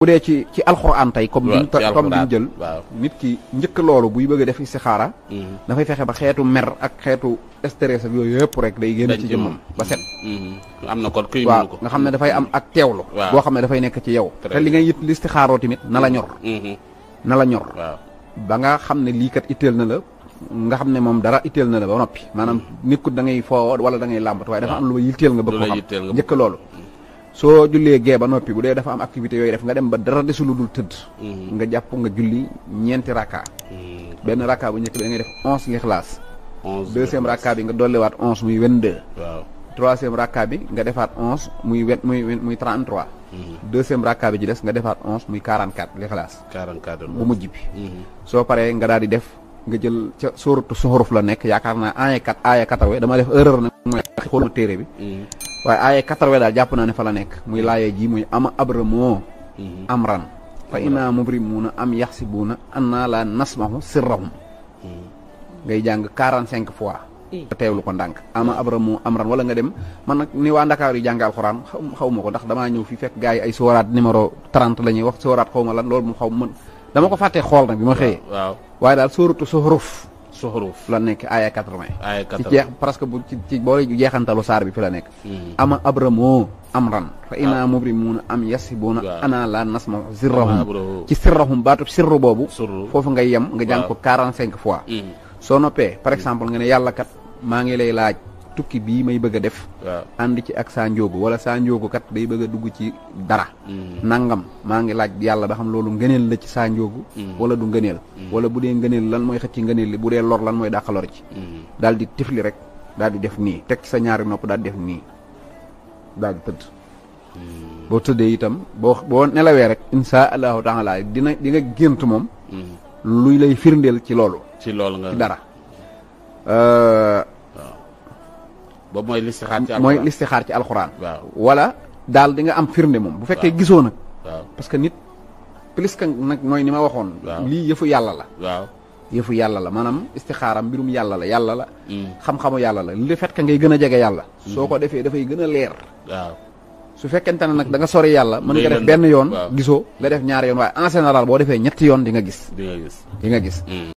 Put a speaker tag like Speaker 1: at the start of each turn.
Speaker 1: bu dee ci ci alxuraan tey comme biñ comme biñ jël nit ki njëkk loolu buy bëgg a def istixaara mm-hmm. dafay fexe ba xeetu mer ak xeetu stress yooyu yëpp rek day génn ci jëmmam ba set mm-hmm. am na kon kuy waaw nga xam ne dafay am ak teewlu boo xam ne dafay nekk ci yow te li ngay yit li istixaaroo tamit na la ñor mm-hmm. na la ñor ba nga xam ne lii kat iteel na la nga xam ne moom dara itteel na la ba noppi maanaam nit ku da ngay foo wala da ngay làmbat waaye dafa am lu ma yitteel nga bëgg xam njëkk loolu so jullee geba ba noppi bu de dafa am activité yoy def nga dem ba dara sulu dul teud mm-hmm. nga japp nga julli ñenti rakka mm-hmm. ben rakka bu ñek bi da ngay def onze nga xalaas deuxième rakka bi nga wat 11 muy 22 deux waaw troisième rakka bi nga defat 11 muy wen muy muy mm-hmm. deuxième rakka bi ji dess nga defat 11 muy 44 li xalaas 44 bu nga def nga jël ca sóoratu la nek yaakaar kat ay katawe dama def erreur na mooy xooluma bi waaye ay 80 daal japp na ne fa la nek muy laye ji muy ama abramo mhm. amran fa ina mubrimuna am yahsibuna anna la nasmahu sirrahum mhm. ngay jang 45 fois teewlu ko ndànk ama abramo amran wala nga dem man nak ni wa Ndakaar yu jang alquran xaw ko ndax dama ñew fi fek gaay ay sourate numero 30 lañuy wax sourate xawma lan lool mu xaw ma dama ko fàttee xol nak bima ma waaw waaye dal sóoratu suhruf suxuruf nekk aaya 80. aaya 80 ci jeex presque bu ci ci boo jeexantalu saar bi fi la nekk. Mm-hmm. ama abramoo amran. fa mu ah. mubrimuuna am yasibuuna. waaw ana la nasma sirrahum ci sirrahum baatu sirru boobu. foofu nga yem nga jàng ko 45 fois. Mm. so noppee par exemple nga ne yàlla kat maa ngi lay laaj. tukki bii may bëgg a def. waaw ànd ci ak saa njóogu wala saa njóogu kat day bëgg a dugg ci dara. Mm. nangam maa ngi laaj yàlla ba xam loolu ngëneel la ci saa njóogu. Mm. wala du ngëneel. Mm. wala bu dee ngëneel lan mooy xëcc ngëneel li bu dee lor lan mooy dàq lor ci. daal di tifli rek daal di def nii teg sa ñaari nopp daal def nii daal di tëdd. boo tëddee itam boo boo nelawee rek insha allahu taala dina di gént moom. luy lay firndeel ci loolu. ci loolu dara. ba mooy listixaar ci alxuraan mooy listixaar ci wala dal di nga am firnde mom bu fekke gisoo nag. parce que nit plus que nak moy nima waxone li lii yalla la. waaw yalla la manam istikharam birum yalla la yalla la. Mm. xam-xamu yalla la li fekke ngay gëna jégué yalla mm. soko défé da fay gëna lèr su fekkente ne nag da nga sori yalla man nga def ben yoon gisoo la def ñaar yoon way en général bo défé ñetti yoon di nga gis. di nga gis di nga gis. Mm.